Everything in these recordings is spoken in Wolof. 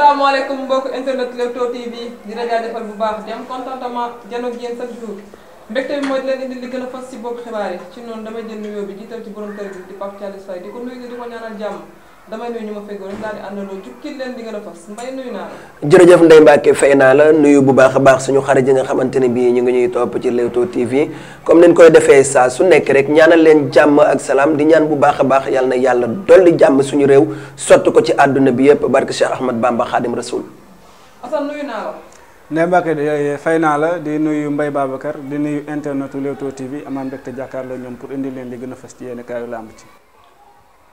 asalaamaaleykum mbokk internet Leewtoo TV di la jaajëfal bu baax di am contentement janoog yéen chaque jour mbégte bi mooy di leen indi li gën a fas si boobu xibaar ci noonu damay jël nuyoo bi jiital ci borom kër gi di Pape Thialis Faye di ko nuyu di ko ñaanal jàmm damay nuyu ñu ma feggoon daal di àndandoo jukkil leen di gën a mbay nuyu naa la. jërëjëf ndey Mbacke fay naa la nuyu bu baax a baax suñu xarit ji nga xamante ne bii ñu ngi ñuy topp ci Leewtoo TV comme niñ koy defee saa su nekk rek ñaanal leen jàmm ak salaam di ñaan bu baax baax yàlla na yàlla dolli jàmm suñu réew sotti ko ci àdduna bi yëpp barke Cheikh Ahmad Bamba Khadim Rasoul. Assane nuyu naa la. Ndeye Mbacke de eh, fay naa la di nuyu Mbaye Babacar di nuyu internetu Leewtoo TV amaa mbégte jàkkaarloo ñoom pour indi leen li gën a fas ci yenn kaayu lamb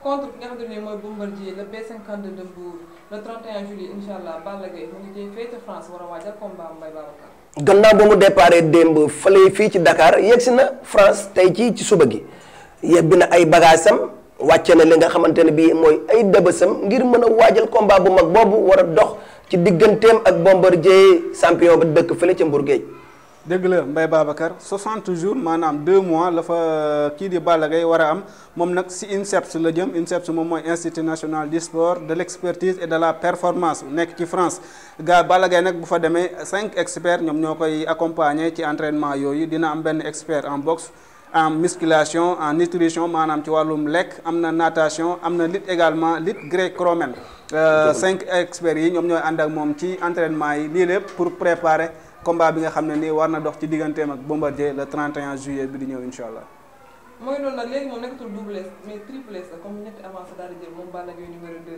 contre ki nga xam ne mooy Bombardier le B52 de Mbour le 31 juillet mu ngi jëm féete France war a waajal combat Mbaye Babacar. gannaaw ba mu déparé démb fële fii ci dakaar yegsi na France tey ci ci suba gi yebbi na ay bagaasam wàcce na li nga xamante ne bii mooy ay dëbësam ngir mën a waajal combat bu mag boobu war a dox ci digganteem ak Bombardier champion bi dëkk fële ci Mbour Géej dëgg la Mbaye Babacar 60 jours maanaam deux mois la fa euh, kii di Balla Gaye war a am moom nag si INSEPS la jëm INSEPS moom mooy institut national du sport de l' expertise et de la performance nekk ci France gaa Balla Gaye nag bu fa demee cinq experts ñoom ñoo koy accompagner ci entraînement yooyu dina am benn expert en boxe. en musculation en nutrition maanaam ci wàllum lekk am na natation am na lutte également lutte gréco-romaine euh, cinq experts yi ñoom ñooy ànd ak moom ci entraînement yi lii lépp pour préparer combat bi nga xam ne nii war na dox ci digganteem ak Bombardier le 31 juillet bi di ñëw incha allah. mooy loolu nag léegi moom nekkatul double S mais triple S comme ñetti avance daal di jël moom Balla Gaye numéro 2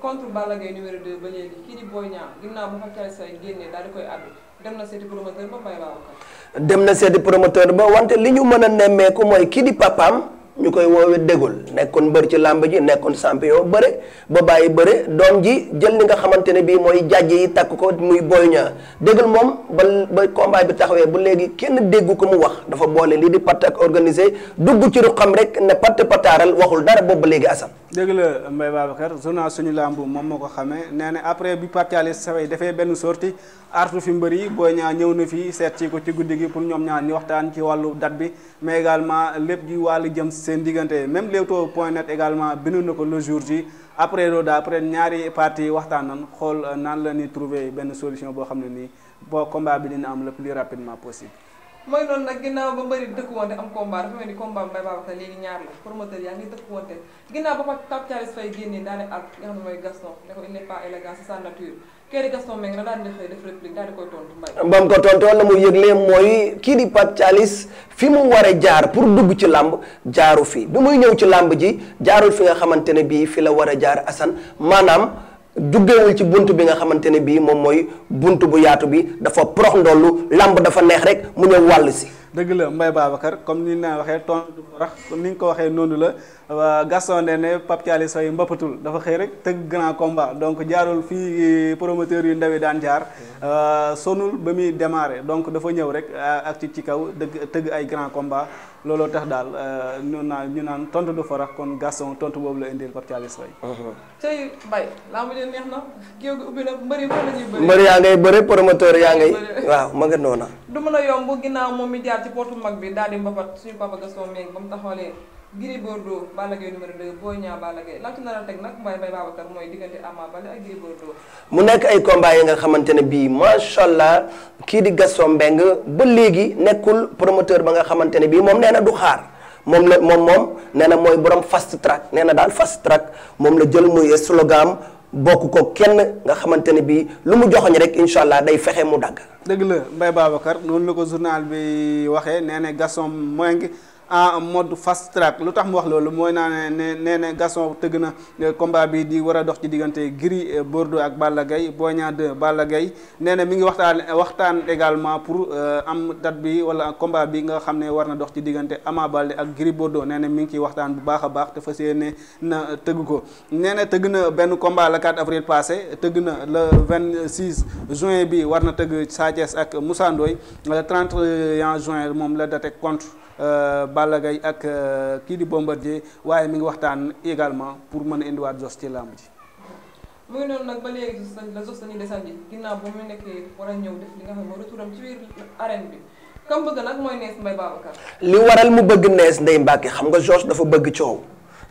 contre Balla Gaye numéro 2 ba léegi kii di Boy Niang ginnaaw bu fa caay say génnee daal di koy àddu dem na seeti promoteur ba Baye Babacar. dem na seeti promoteur ba wante li ñu mën a nemmeeku mooy kii di papaam. ñu koy woowee dégol nekkoon mbër ci làmb ji nekkoon champion bëre ba bàyyi bëre doom ji jël li nga xamante ne bii mooy jàjj yi takk ko muy Boy Niang dégol moom ba ba combat bi taxawee bu léegi kenn déggu ko mu wax dafa boole lii di patt ak organisé dugg ci rek ne patt pataaral waxul dara boobu ba léegi asam dégg la Mbaye Babacar journal suñu làmb moom moo ko xamee nee na après bi pàttaali saway dafay benn sortie artu fi mbër yi Boy Niang ñëw na fi seet ci ko ci guddi gi pour ñoom ñaar ñu waxtaan ci wàllu date bi mais également lépp di wàllu jëm seen seen diggante même Leewtoo point net également bindu ko le jour ji après Roda après ñaari parti waxtaan nan xool euh, naan la ñuy trouver benn solution boo xam ne nii boo combat bi dina am le plus rapidement possible. mooy noonu nag ginnaaw ba mbëri dëkkuwante am combat dafa mel ni combat mbay Babacar léegi ñaar la promoteur yaa ngi dëkkuwante ginnaaw ba Pape Thialis Faye génnee daane ak nga xam ne mooy Gaston ne ko il n'est sa nature. kër yi Gaston Mbengue daal di xëy def réplique daal di tontu Mbaye. mu yëgle mooy kii di Pape Thialis fi mu war a jaar pour dugg ci làmb jaaru fii bi muy ñëw ci làmb ji jaarul fi nga xamante ne bii fi la war a jaar Assane maanaam. duggeewul ci bunt bi nga xamante ne bii moom mooy bunt bu yaatu bi dafa prox ndollu làmb dafa neex rek mu ñëw wàll si dëgg la mbay Babacar comme ni naa waxee ton rax comme ni nga ko waxee noonu la Gaston de ne Pape Thialis Faye mbapatul dafa xëy rek tëgg grand combat donc jaarul fii promoteur yu ndaw yi daan jaar sonul ba muy démarré donc dafa ñëw rek ak ci ci kaw dëgg tëgg ay grand combat looloo tax daal euh, ñu naan ñu naan tontu du farax kon gason tontu boobu la indil Pape Thialis Faye. Uh-huh. tey Mbaye laa mujjee neex na géew gi ubbi na mbër yi fan la ñuy bëri. mbër yaa ngay promoteur yaa ngay. waaw ma nga noona. du mën a yomb ginnaaw moom mi jaar ci portu mag bi daal di mbapat suñu papa Gaston meeg ba mu taxawalee. Gris Bordeaux Balla Gaye numéro a mooy diggante mu nekk ay combats yi nga xamante ne bii macha allah kii di Gaston Mbengue ba léegi nekkul promoteur ba nga xamante ne bii moom nee na du xaar. moom la moom moom nee na mooy borom fast track nee na daal fast track moom la jël muy slogan bokk ko kenn nga xamante ne bii lu mu joxoñ rek incha allah day fexe mu dagg. dëgg la Mbaye Babacar noonu la ko journal bi waxee nee na Gaston Mbengue en mode fast track lu tax mu wax loolu mooy naa ne nee ne Gaston tëgg na euh, combat bi di war a dox ci diggante Gris euh, Bordeaux ak Balla gay Boy Niang 2 gay Gaye nee mi ngi waxtaan waxtaan également pour euh, am date bi wala combat bi nga xam ne war na dox ci diggante Ama Baldé ak Gris Bordeaux nee na mi ngi ciy waxtaan bu baax a baax te fas yéene na tëgg ko nee na tëgg na benn combat le 4 avril passé tëgg na le 26 juin bi war na tëgg Sa ak Moussa Ndoye le 31 juin moom la date contre Euh, Balla Gaye ak euh, kii di Bombardier waaye mi ngi waxtaan également pour mën a indiwaat Zoss ci làmb ji. mu ngi noonu nag ba léegi la Zoss la ñuy desandi ginnaaw ba mu nekkee war a ñëw def li nga xam ne mooy ci biir arène bi. kam bëgg nag mooy nees Mbaye Babacar. li waral mu bëgg nees Ndeye Mbacke xam nga Zoss dafa bëgg coow.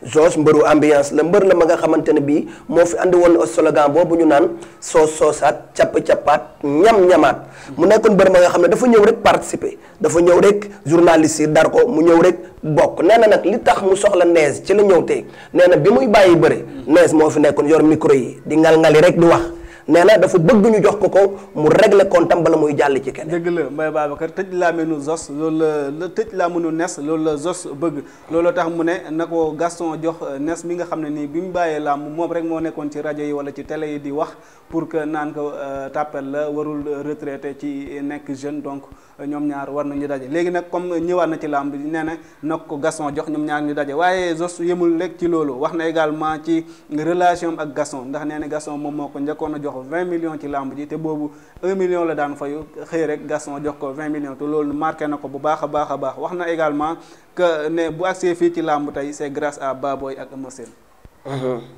Zoss mbëru ambiance la mbër la ma nga xamante ne bii moo fi andi woon slogan boobu ñu naan soos soosaat capp cappaat ñam ñamaat mu nekkoon mbër ma nga xam ne dafa ñëw rek participer dafa ñëw rek journaliste yi dar ko mu ñëw rek bokk nee na nag li tax mu soxla nees ci la ñëw tey nee na bi muy bàyyi bëre nees moo fi nekkoon yor micro yi di ngal ngali rek di wax. nee na dafa bëgg ñu jox ko ko mu régler comptam bala muy jàll ci keneen. dëgg la Mbaye Babacar tëj laa mënu zos loolu la tëj laa mënu nes loolu la sos bëgg looloo tax mu ne na ko Gaston jox nes mi nga xam ne nii bi mu bàyyee làmb moom rek moo nekkoon ci rajo yi wala ci télé yi di wax pour que naan ko euh, tàppel la warul retraité ci nekk jeune donc ñoom ñaar war nañu daje léegi nag comme ñëwaat na ci làmb nee na na ko Gaston jox ñoom ñaar ñu daje waaye sos yemul rek ci loolu wax na également ci relation ak gason ndax nee na moom moo ko njëkkoon a jox ko million ci làmb ji te boobu 1 million la daan fayu xëy rek Gaston jox ko 20 millions te loolu marqué na ko bu baax a baax a baax wax na également que ne bu agsee fii ci làmb tey c'est grâce à Baboy ak Eumeu Sène.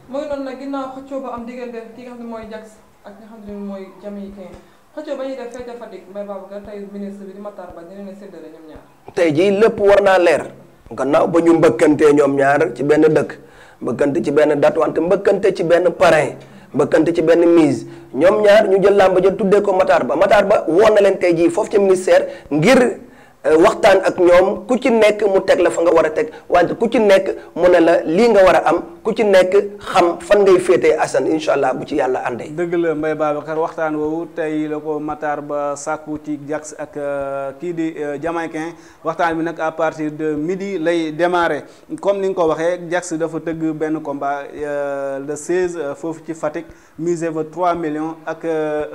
mooy noonu nag jii lépp war naa leer. gannaaw ba ñu mbëkkantee ñoom ñaar ci benn dëkk mbëkkante ci benn date wante mbëkkante ci benn parrain mbëkkante ci benn mise ñoom ñaar ñu jël làmb ja tuddee ko Matar Ba Matar Ba woon na leen tey jii foofu ca ministère ngir Euh, waxtaan ak ñoom ku ci nekk mu teg la fa nga war a teg wante ku ci nekk mu ne la lii nga war a am ku ci nekk xam fan ngay féete Assane incha allah bu ci yàlla àndee. dëgg la Mbaye Babacar waxtaan woowu tey la ko Matar ba sàkku ci Jax ak euh, kii di euh, Jamaïcain waxtaan bi nag à partir de midi lay démarrer comme ni nga ko waxee Jax dafa tëgg benn combat le 16 foofu ci Fatick musée va 3 millions ak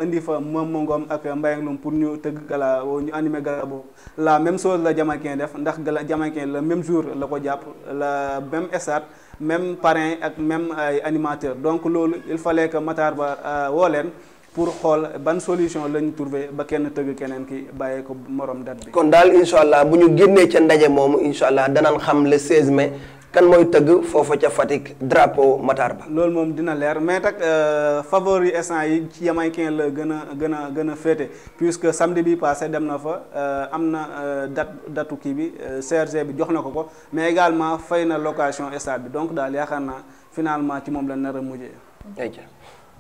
indi fa moom Ngom ak Mbaye pour ñu tëgg gala ñu animé gala waa même chose la Jamaïcain def ndax la Jamaïcain la même jour la ko jàpp la même stade même parrain ak même ay animateur donc loolu il fallait que Matar Ba euh, woo leen pour xool ban solution lañ trouvé ba kenn tëgg keneen ki bàyyee ko morom date bi. kon daal incha allah bu ñu génnee ca ndaje moomu incha allah danaan xam le 16 mai kan mooy tëgg foofa ca Fatick drapeau Matar Ba. loolu moom dina leer mais nag euh, favori instant yi ci Jamaïcain la gën a a gën a féete puisque samedi bi passé dem na fa euh, am na euh, date datu kii bi CRG bi jox na ko ko mais également fay na location stade bi donc daal yaakaar naa finalement ci moom la nar a mujjee.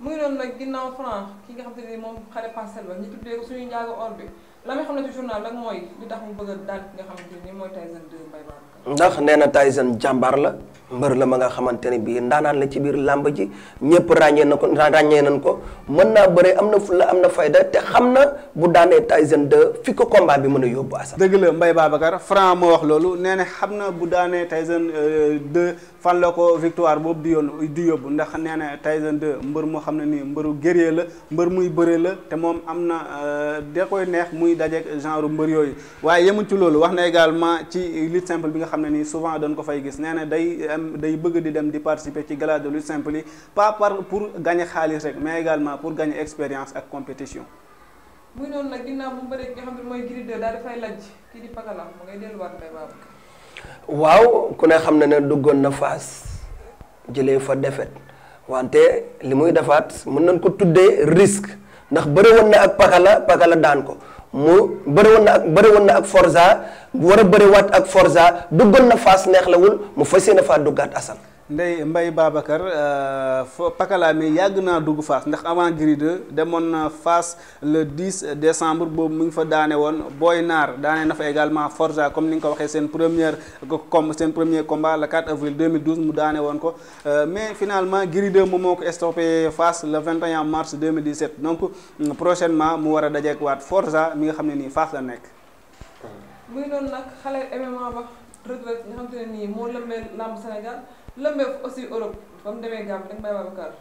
mu ngi doon nag ginnaaw France ki nga xam te ne moom xale parcelle ba ñu tuddee ko suñu njaago or bi. la nga xam ne ci journal nag mooy li tax mu bëgg daal ki nga xamante ni mooy Tyson 2 Mbaye Babacar. ndax nee na Tyson jàmbaar la. mbër la ma nga xamante ne bii ndaanaan la ci biir làmb ji ñëpp na ko ràññee nañ ko mën naa bëre am na fulla am na fayda te xam na bu daanee Tyson 2 fi ko combat bi mën a yóbbu asa dëgg la Mbaye Babacar Franc moo wax loolu nee xam na bu daanee Tyson 2 euh, fan la ko victoire boobu di yoon di yóbbu ndax nee na Tyson 2 mbër moo xam ne nii mbëru guerrier la mbër muy bëre la te moom am na euh, da koy neex muy dajeek genre mbër yooyu waaye yemul ci loolu wax na également bi nga xam ne nii souvent dañ ko day bëgg di dem di participer ci gala de lutte simple yi pas par pour gagner xaalis rek mais également pour gagner expérience ak compétition. muy noonu nag ginnaaw bu bëree nga xam mooy Gris daal dafay lajj kii di Pakala mu ngay delluwaat mbay baabu. waaw ku ne xam na ne duggoon na Fass jëlee fa défaite wante li muy defaat mën nañ ko tuddee risque ndax bëri woon na ak Pakala Pakala daan ko. mu bëri woon na ak bëri woon na ak Forza war a bëriwaat ak Forza duggoon na faas neex la wul mu fas yéene faa duggaat Assane. Ndeye Mbaye Babacar euh, fa Pakala mi yàgg naa dugg Fass ndax avant Gris 2 demoon na Fass le 10 décembre boobu mu ngi fa daane woon booy Naar daane na fa également Forza comme ni nga ko waxee seen première comme seen premier combat le 4 avril 2012 mu daane woon ko euh, mais finalement Gris 2 moom moo ko stoppé Fass le 21 mars 2017 donc euh, prochainement mu war a dajeek waat Forza mi nga xam ne nii faas la nekk. muy noonu lëmbeef aussi Europe ba mu demee Gambie nag may Babacar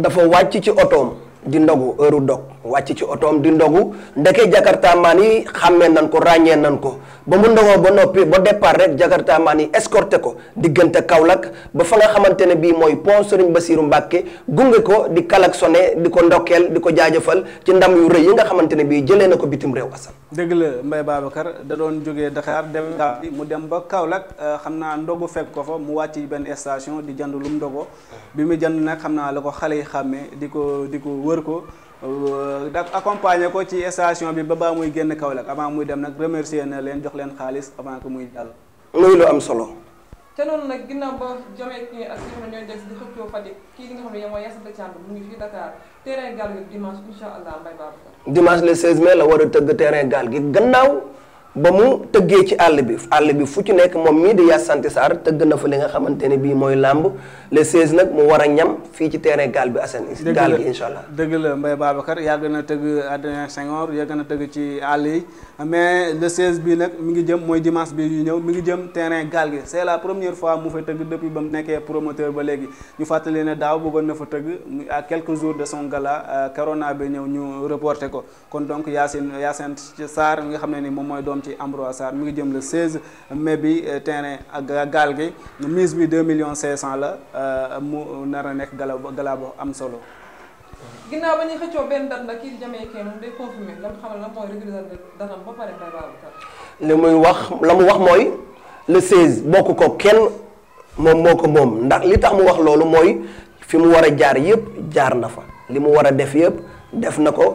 dafa wàcc ci otoom di ndogu heure dog wàcc ci otoom di ndogu ndeke jakartaamaan yi xàmmee nan ko ràññee nan ko ba mu ndogoo ba noppi ba départ rek jakartaamaan yi escorté ko diggante Kaolack ba fa nga xamante ne bii mooy pont Serigne Bassirou Mbacke gunge ko di klaxonné di ko ndokkeel di ko jaajëfal ci ndam yu rëy yi nga xamante ne bii jëlee na ko bitim réew asal dëgg la Mbaye Babacar da doon jóge Dakar dem ah. mu dem ba Kaolack euh, xam naa ndogu fek ko fa mu wàcc benn station di jënd nga ko bi mu jënd nag xam naa la ko xale yi xàmmee di ko di ko wër ko euh, da accompagner ko ci station bi ba baa muy génn Kaolack avant muy dem nag remercier na leen jox leen xaalis avant que muy dal muy lu am solo te noonu nag ginnaaw ba Jamaïque nii ak ñoom ñooy des kii nga xam ne yow mooy Yassine Thiam mu ngi fii Dakar terrain gaal gi dimanche incha allah mbay baax dimanche le 16 la war a tëgg terrain gaal gi gannaaw ba mu tëggee ci àll bi àll bi fu ci nekk moom mii di Yass Santé Sarr tëgg na fa li nga xamante ne bii mooy làmb le 16 nag mu war a ñam fii ci terrain gaal bi Assane. gaal gi incha allah dëgg la Mbaye Babacar yàgg na tëgg Adrien Senghor yàgg na tëgg ci àll yi mais le 16 bii nag mi ngi jëm mooy dimanche bi ñu ñëw mi ngi jëm terrain gaal gi c' est la première fois mu fa tëgg depuis ba mu nekkee promoteur ba léegi ñu fàttali ne daaw bëggoon na fa tëgg à quelques jours de son gala euh, corona bi ñu reporté ko kon donc Yassine Yass Santé Sarr nga xam ne ni moom mooy doom ci Ambroise Sarr mu ngi jëm le 16 mai bi euh, terrain ak gaal gi mise bi 2 millions 500 la euh, mu nar a nekk gala gala am solo. ginnaaw ba ñuy xëccoo benn date nag kii Jamaïcain moom day confirmé li muy wax la mu wax mooy le 16 bokk ko kenn moom moo ko moom ndax li tax mu wax loolu mooy fi mu war a jaar yëpp jaar na fa li mu war a def yëpp. def na ko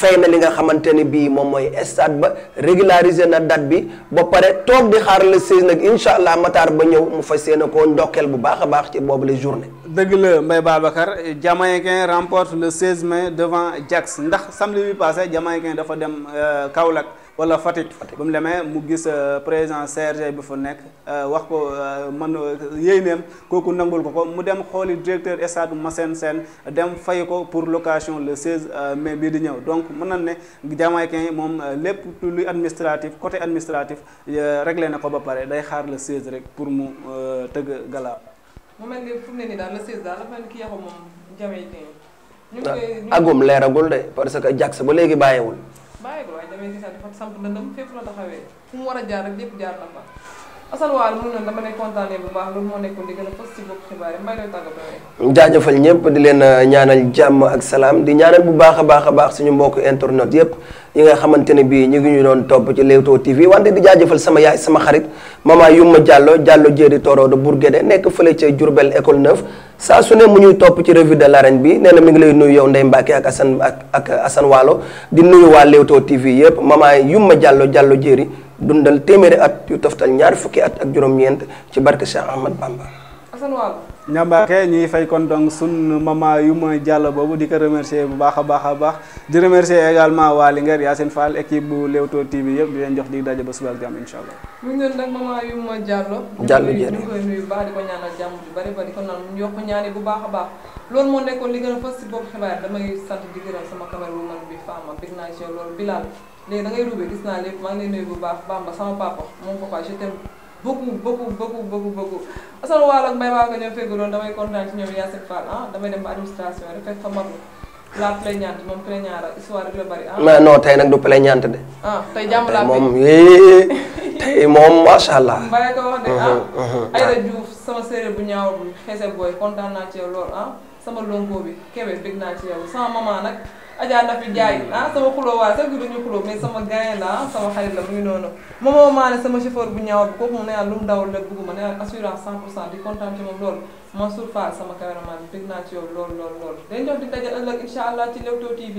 fay na li nga xamante ni bii moom mooy stade ba régulariser na date bi ba pare toog di xaar le 16 nag incha allah Matar ba ñëw mu fa yéene ko ndokkeel bu baax a baax ci boobu la journée. dëgg la Mbaye Babacar Jamaïcain remporte le 16 mai devant Jax ndax samedi bi passé Jamaïcain dafa dem euh, Kaolack. wala Fatick ba mu demee mu gis euh, président CRG bi fa nekk euh, wax ko euh, man yéeneem kooku nangul ko ko mu dem xooli directeur stade Massène Sène dem fay ko pour location le 16 mais bii di ñëw donc mën nañ ne Jamaïcain moom lépp luy administratif côté administratif réglé na ko ba pare day xaar le 16 rek pour mu tëgg gala. mu mel ni fu mu ne ah, agum leeragul de parce que Jax ba léegi bàyyiwul. bàyyi waaye di gën a leen uh, ñaanal jàmm ak salaam di ñaanal bu baax a baax a baax suñu mbokk internet yëpp yi nga xamante ne bii ñu ngi ñu doon topp ci Leewtoo TV wante di jaajëfal sama yaay sama xarit ma maman Yuma jàllo Diallo Jéeri Toro de Bourguédé nekk fële ca Diourbel école 9 saa su ne mu ñuy topp ci revue de l'arène bi nee na mi ngi lay nuyu yow Ndeye Mbacke ak Assane ak ak Assane Waalo di nuyu waa Leewtoo TV yëpp maman Yuma Diallo Diallo Jéeri dundal téeméeri at yu toftal ñaari fukki at ak juróom-ñeent ci barke Cheikh Ahmad Bamba. ñambaake ñuy fay kon donc sun mama yu ma jàll boobu di ko remercier bu baax a baax a baax di remercier également waa Linguère Yacine Fall équipe bu Leewtoo TV yëpp di leen jox mu ngi nag mama yu ma jàllo. jàllo jërëjëf ñu koy nuyu baax di ko ñaanal jàmm ju bari bari kon nag yokk ñaani bu baax a baax loolu moo nekkoon li gën a fës si boobu xibaar damay sant di gërëm sama cameraman bi Fama bég naa ci loolu Bilal léegi da ngay gis naa lépp maa ngi lay bu baax Bamba sama papa moom ko quoi je beaucoup beaucoup beaucoup beaucoup beaucoup asal waal ak mbay waa ko ñoo feggu loolu damay kontaan ci ñoom Yacine Fall ah damay dem ba administration rek fekk fa mag la plaignante moom plaignant la histoire bi la bari ah. mais non tey nag du plaignante de. ah tey jàmm laa moom yee eh, tey moom macha allah. mbay ko wax de ah. Uh-huh, uh-huh, uh-huh. Aïda Diouf sama séeréer bu ñaaw bi xeese booy kontaan naa ci yow lool ah sama lonko bi kebe bëgg naa ci yow sama maman nag. Adja Nafi Ndiaye ah sama xuloo waaye sax guddi ñu xuloo mais sama gain la ah, sama xarit la mu ngi noonu moom maa ne sama chauffeur bu ñaaw bi kooku mu ne ah, lu mu dawal lépp bëgguma ne ah, assurance 100% di kontaan ci moom loolu Mansour Fall sama caméraman bi dégg naa ci yow loolu loolu loolu dañ jox di dajal ëllëg incha allah ci Leewtoo TV